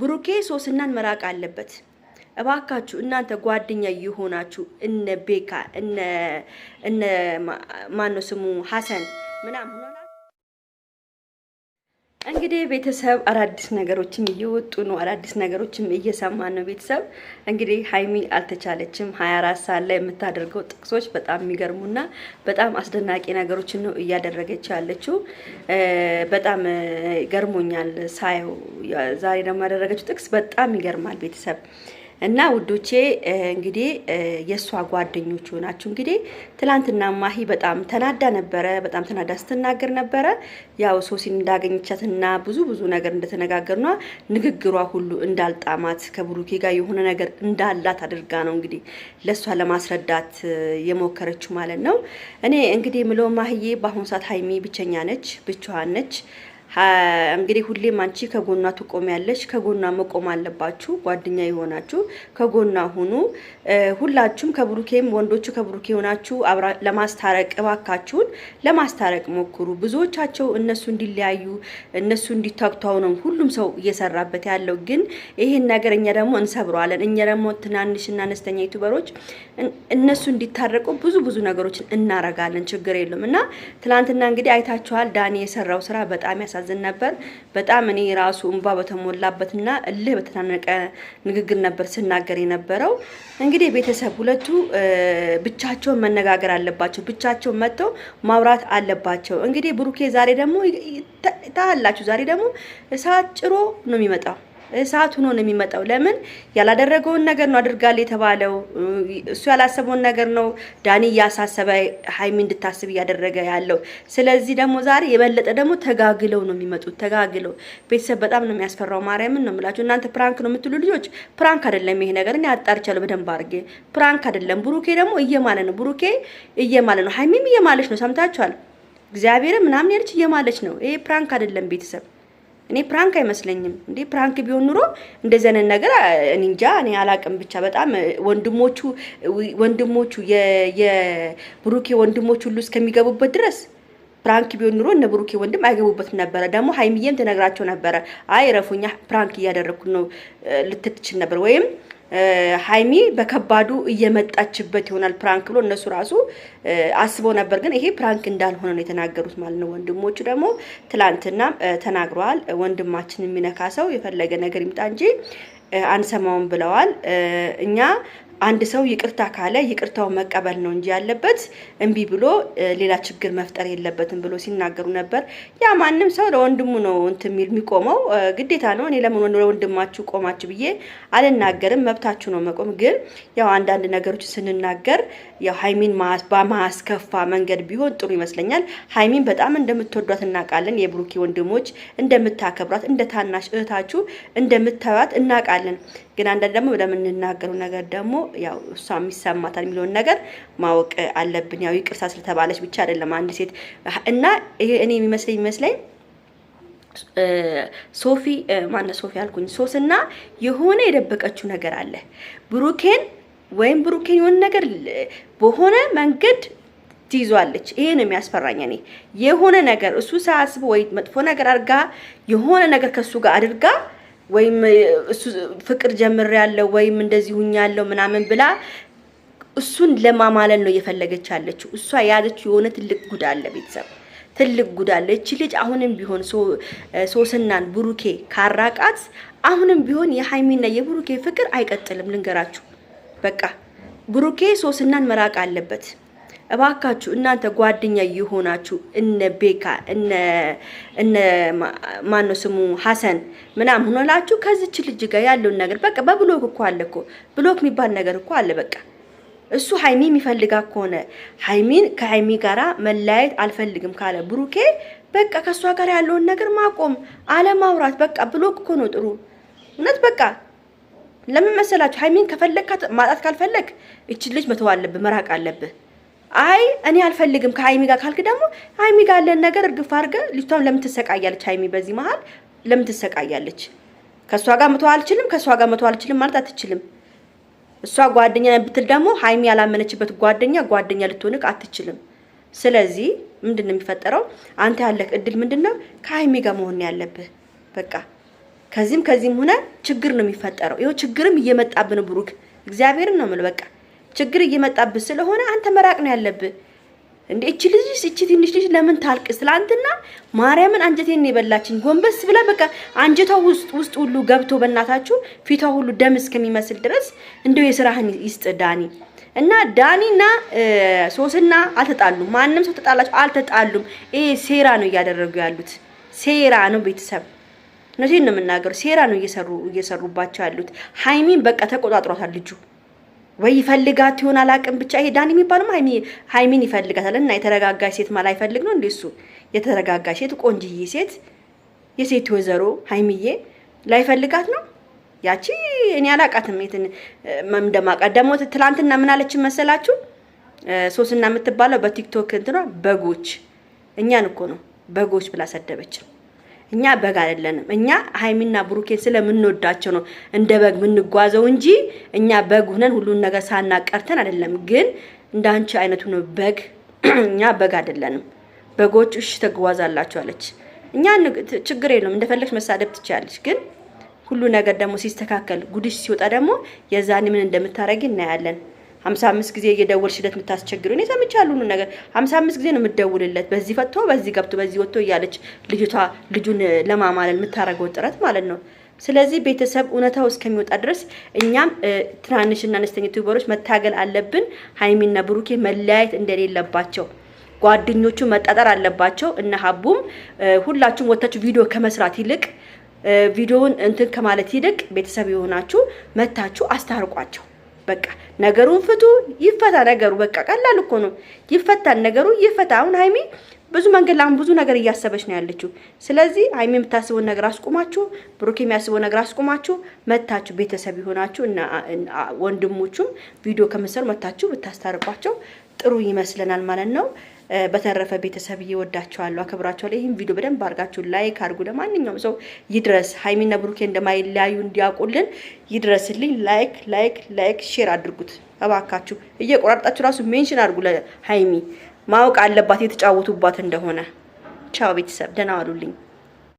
ብሩኬ ሶስናን መራቅ አለበት። እባካችሁ እናንተ ጓደኛ የሆናችሁ እነ ቤካ እነ እነ ማነው ስሙ ሀሰን ምናምን እንግዲህ ቤተሰብ አዳዲስ ነገሮችም እየወጡ ነው። አዳዲስ ነገሮችም እየሰማን ነው። ቤተሰብ እንግዲህ ሀይሚ አልተቻለችም። ሀያ አራት ሰዓት ላይ የምታደርገው ጥቅሶች በጣም የሚገርሙና በጣም አስደናቂ ነገሮችን ነው እያደረገች ያለችው። በጣም ገርሞኛል ሳየው። ዛሬ ደግሞ ያደረገችው ጥቅስ በጣም ይገርማል ቤተሰብ እና ውዶቼ እንግዲህ የእሷ ጓደኞች ሆናችሁ እንግዲህ ትላንትና ማሂ በጣም ተናዳ ነበረ። በጣም ተናዳ ስትናገር ነበረ። ያው ሶሲን እንዳገኘቻትና ብዙ ብዙ ነገር እንደተነጋገርና ንግግሯ ሁሉ እንዳልጣማት ከብሩኬ ጋር የሆነ ነገር እንዳላት አድርጋ ነው እንግዲህ ለእሷ ለማስረዳት የሞከረችው ማለት ነው። እኔ እንግዲህ ምለው ማህዬ በአሁኑ ሰዓት ሀይሚ ብቸኛ ነች፣ ብቻዋን ነች። እንግዲህ ሁሌም አንቺ ከጎኗ ትቆሚያለሽ። ከጎኗ መቆም አለባችሁ። ጓደኛ የሆናችሁ ከጎኗ ሁኑ። ሁላችሁም ከብሩኬም ወንዶቹ ከብሩኬ የሆናችሁ ለማስታረቅ እባካችሁን ለማስታረቅ ሞክሩ። ብዙዎቻቸው እነሱ እንዲለያዩ እነሱ እንዲታክቷው ነው ሁሉም ሰው እየሰራበት ያለው። ግን ይህን ነገር እኛ ደግሞ እንሰብረዋለን። እኛ ደግሞ ትናንሽና አነስተኛ ዩቱበሮች እነሱ እንዲታረቁ ብዙ ብዙ ነገሮችን እናረጋለን። ችግር የለም እና ትናንትና እንግዲህ አይታችኋል። ዳኒ የሰራው ስራ በጣም ያሳ ያሳዝን ነበር። በጣም እኔ ራሱ እንባ በተሞላበትና እልህ በተናነቀ ንግግር ነበር ስናገር የነበረው። እንግዲህ ቤተሰብ ሁለቱ ብቻቸውን መነጋገር አለባቸው። ብቻቸውን መጥተው ማውራት አለባቸው። እንግዲህ ብሩኬ ዛሬ ደግሞ ታላችሁ ዛሬ ደግሞ እሳት ጭሮ ነው የሚመጣው እሳት ሆኖ ነው የሚመጣው። ለምን ያላደረገውን ነገር ነው አድርጋል የተባለው። እሱ ያላሰበውን ነገር ነው ዳኒ እያሳሰበ ሀይሚ እንድታስብ እያደረገ ያለው። ስለዚህ ደግሞ ዛሬ የበለጠ ደግሞ ተጋግለው ነው የሚመጡት። ተጋግለው ቤተሰብ በጣም ነው የሚያስፈራው። ማርያምን ነው የምላችሁ እናንተ ፕራንክ ነው የምትሉ ልጆች፣ ፕራንክ አይደለም ይሄ ነገር። እኔ አጣርቻለሁ በደንብ አድርጌ ፕራንክ አይደለም። ብሩኬ ደግሞ እየማለ ነው። ብሩኬ እየማለ ነው። ሀይሚም እየማለች ነው። ሰምታችኋል። እግዚአብሔር ምናምን ያለች እየማለች ነው። ይሄ ፕራንክ አይደለም ቤተሰብ እኔ ፕራንክ አይመስለኝም እንዴ! ፕራንክ ቢሆን ኑሮ እንደዚህ ነገር እንጃ፣ እኔ አላቅም። ብቻ በጣም ወንድሞቹ ወንድሞቹ የብሩኬ ወንድሞች ሁሉ እስከሚገቡበት ድረስ ፕራንክ ቢሆን ኑሮ እነ ብሩኬ ወንድም አይገቡበትም ነበረ። ደግሞ ሀይሚዬም ትነግራቸው ነበረ፣ አይ ረፉኛ ፕራንክ እያደረግኩ ነው ልትትችል ነበር ወይም ሀይሚ በከባዱ እየመጣችበት ይሆናል ፕራንክ ብሎ እነሱ ራሱ አስበው ነበር፣ ግን ይሄ ፕራንክ እንዳልሆነ ነው የተናገሩት ማለት ነው። ወንድሞቹ ደግሞ ትላንትና ተናግረዋል። ወንድማችን የሚነካ ሰው የፈለገ ነገር ይምጣ እንጂ አንሰማውም ብለዋል። እኛ አንድ ሰው ይቅርታ ካለ ይቅርታው መቀበል ነው እንጂ ያለበት እምቢ ብሎ ሌላ ችግር መፍጠር የለበትም ብሎ ሲናገሩ ነበር። ያ ማንም ሰው ለወንድሙ ነው እንትን የሚል የሚቆመው ግዴታ ነው። እኔ ለምን ለወንድማችሁ ቆማችሁ ብዬ አልናገርም። መብታችሁ ነው መቆም። ግን ያው አንዳንድ ነገሮች ስንናገር ያው ሀይሚን በማስከፋ መንገድ ቢሆን ጥሩ ይመስለኛል። ሀይሚን በጣም እንደምትወዷት እናውቃለን። የብሩኪ ወንድሞች እንደምታከብሯት፣ እንደ ታናሽ እህታችሁ እንደምታዩት እናውቃለን። ግን አንዳንድ ደግሞ ለምንናገረው ነገር ደግሞ ያው እሷ የሚሰማታል የሚለውን ነገር ማወቅ አለብን። ያው ይቅርታ ስለተባለች ብቻ አይደለም አንድ ሴት እና እኔ የሚመስለኝ የሚመስለኝ ሶፊ ማነው ሶፊ አልኩኝ ሶስና የሆነ የደበቀችው ነገር አለ ብሩኬን ወይም ብሩኬን የሆነ ነገር በሆነ መንገድ ትይዟለች። ይሄ ነው የሚያስፈራኝ። እኔ የሆነ ነገር እሱ ሳያስብ ወይ መጥፎ ነገር አድርጋ የሆነ ነገር ከእሱ ጋር አድርጋ ወይም እሱ ፍቅር ጀምር ያለው ወይም እንደዚህ ሁኛ ያለው ምናምን ብላ እሱን ለማማለል ነው እየፈለገች ያለችው። እሷ ያለችው የሆነ ትልቅ ጉድ አለ ቤተሰብ ትልቅ ጉድ አለ። እቺ ልጅ አሁንም ቢሆን ሶስናን ብሩኬ ካራቃት አሁንም ቢሆን የሀይሚና የብሩኬ ፍቅር አይቀጥልም። ልንገራችሁ በቃ ብሩኬ ሶስናን መራቅ አለበት። እባካችሁ እናንተ ጓደኛ የሆናችሁ እነ ቤካ እነ እነ ማነው ስሙ ሀሰን ምናምን ሆኖላችሁ ከዚች ልጅ ጋር ያለውን ነገር በቃ በብሎክ እኮ አለ እኮ ብሎክ የሚባል ነገር እኮ አለ። በቃ እሱ ሀይሚ የሚፈልጋ ከሆነ ሀይሚን ከሀይሚ ጋራ መለያየት አልፈልግም ካለ ብሩኬ በቃ ከእሷ ጋር ያለውን ነገር ማቆም አለማውራት በቃ ብሎክ እኮ ነው ጥሩ እውነት በቃ ለምን መሰላችሁ? ሀይሚን ከፈለግ ማጣት ካልፈለግ እችን ልጅ መተው አለብህ፣ መራቅ አለብህ። አይ እኔ አልፈልግም ከሀይሚ ጋር ካልክ ደግሞ ሀይሚ ጋር ያለን ነገር እርግፍ አድርገህ ልጅቷም ለምን ትሰቃያለች? ሀይሚ በዚህ መሀል ለምን ትሰቃያለች? ከእሷ ጋር መቶ አልችልም፣ ከእሷ ጋር መቶ አልችልም ማለት አትችልም። እሷ ጓደኛ ብትል ደግሞ ሀይሚ ያላመነችበት ጓደኛ ጓደኛ ልትሆንቅ አትችልም። ስለዚህ ምንድን ነው የሚፈጠረው? አንተ ያለህ እድል ምንድን ነው? ከሀይሚ ጋር መሆን ያለብህ በቃ። ከዚህም ከዚህም ሆነ ችግር ነው የሚፈጠረው። ይኸው ችግርም እየመጣብን ብሩክ፣ እግዚአብሔርን ነው የምልህ በቃ ችግር እየመጣብህ ስለሆነ አንተ መራቅ ነው ያለብህ። እንደ እቺ ልጅ እቺ ትንሽ ልጅ ለምን ታልቅ? ትላንትና ማርያምን አንጀቴን የበላችኝ። ጎንበስ ብላ በቃ አንጀቷ ውስጥ ውስጥ ሁሉ ገብቶ በእናታችሁ ፊቷ ሁሉ ደም እስከሚመስል ድረስ እንደው የስራህን ይስጥ ዳኒ እና ዳኒና ሶስና አልተጣሉም። ማንም ሰው ተጣላችሁ አልተጣሉም። ይሄ ሴራ ነው እያደረጉ ያሉት ሴራ ነው። ቤተሰብ እውነቴን ነው የምናገሩ ሴራ ነው እየሰሩ እየሰሩባቸው ያሉት። ሀይሚን በቃ ተቆጣጥሯታል ልጁ ወይ ይፈልጋት ይሆን አላውቅም። ብቻ ይሄ ዳኒ የሚባለው ሀይሚን ይፈልጋታል። እና የተረጋጋች ሴት ማላ ይፈልግ ነው እንዴ? እሱ የተረጋጋች ሴት ቆንጅዬ ሴት የሴት ወይዘሮ ሀይሚዬ ላይፈልጋት ነው? ያቺ እኔ አላውቃትም እንደማውቃት ደግሞ ትላንትና ምን አለችን መሰላችሁ? ሶስና የምትባለው በቲክቶክ እንትኗ በጎች እኛን እኮ ነው በጎች ብላ ሰደበችን። እኛ በግ አይደለንም። እኛ ሀይሚና ብሩኬን ስለምንወዳቸው ነው እንደ በግ የምንጓዘው እንጂ እኛ በግ ሁነን ሁሉን ነገር ሳናቀርተን አይደለም። ግን እንደ አንቺ አይነቱ ነው በግ። እኛ በግ አይደለንም። በጎች እሺ አለች። እኛ ችግር የለውም፣ እንደፈለግሽ መሳደብ ትችያለሽ። ግን ሁሉ ነገር ደግሞ ሲስተካከል ጉድሽ ሲወጣ ደግሞ የዛኔ ምን እንደምታረጊ እናያለን። ሀምሳ አምስት ጊዜ እየደወልሽለት የምታስቸግሩ እኔ ሰምቻለሁ ሁሉን ነገር። ሀምሳ አምስት ጊዜ ነው የምደውልለት በዚህ ፈቶ በዚህ ገብቶ በዚህ ወጥቶ እያለች ልጅቷ ልጁን ለማማለል የምታደርገው ጥረት ማለት ነው። ስለዚህ ቤተሰብ እውነታው እስከሚወጣ ድረስ እኛም ትናንሽና አነስተኛ ዩቲዩበሮች መታገል አለብን። ሀይሚና ብሩኬ መለያየት እንደሌለባቸው ጓደኞቹ መጣጠር አለባቸው እና ሀቡም ሁላችሁም ወጥታችሁ ቪዲዮ ከመስራት ይልቅ ቪዲዮውን እንትን ከማለት ይልቅ ቤተሰብ የሆናችሁ መታችሁ አስታርቋቸው። በቃ ነገሩን ፍቱ፣ ይፈታ ነገሩ። በቃ ቀላል እኮ ነው፣ ይፈታል ነገሩ፣ ይፈታ። አሁን ሀይሚ ብዙ መንገድ ላይ ብዙ ነገር እያሰበች ነው ያለችው። ስለዚህ ሀይሚ የምታስበውን ነገር አስቁማችሁ፣ ብሩክ የሚያስበው ነገር አስቁማችሁ መታችሁ ቤተሰብ ይሆናችሁ እና ወንድሞቹም ቪዲዮ ከመሰል መታችሁ ብታስታርቋቸው ጥሩ ይመስለናል ማለት ነው። በተረፈ ቤተሰብ እየወዳቸዋለሁ፣ አክብራቸዋለሁ። ይህም ቪዲዮ በደንብ አድርጋችሁ ላይክ አድርጉ። ለማንኛውም ሰው ይድረስ፣ ሀይሚና ብሩኬ እንደማይለያዩ እንዲያውቁልን ይድረስልኝ። ላይክ ላይክ ላይክ ሼር አድርጉት እባካችሁ። እየቆራርጣችሁ ራሱ ሜንሽን አድርጉ። ለሀይሚ ማወቅ አለባት የተጫወቱባት እንደሆነ። ቻው ቤተሰብ፣ ደህና ዋሉልኝ።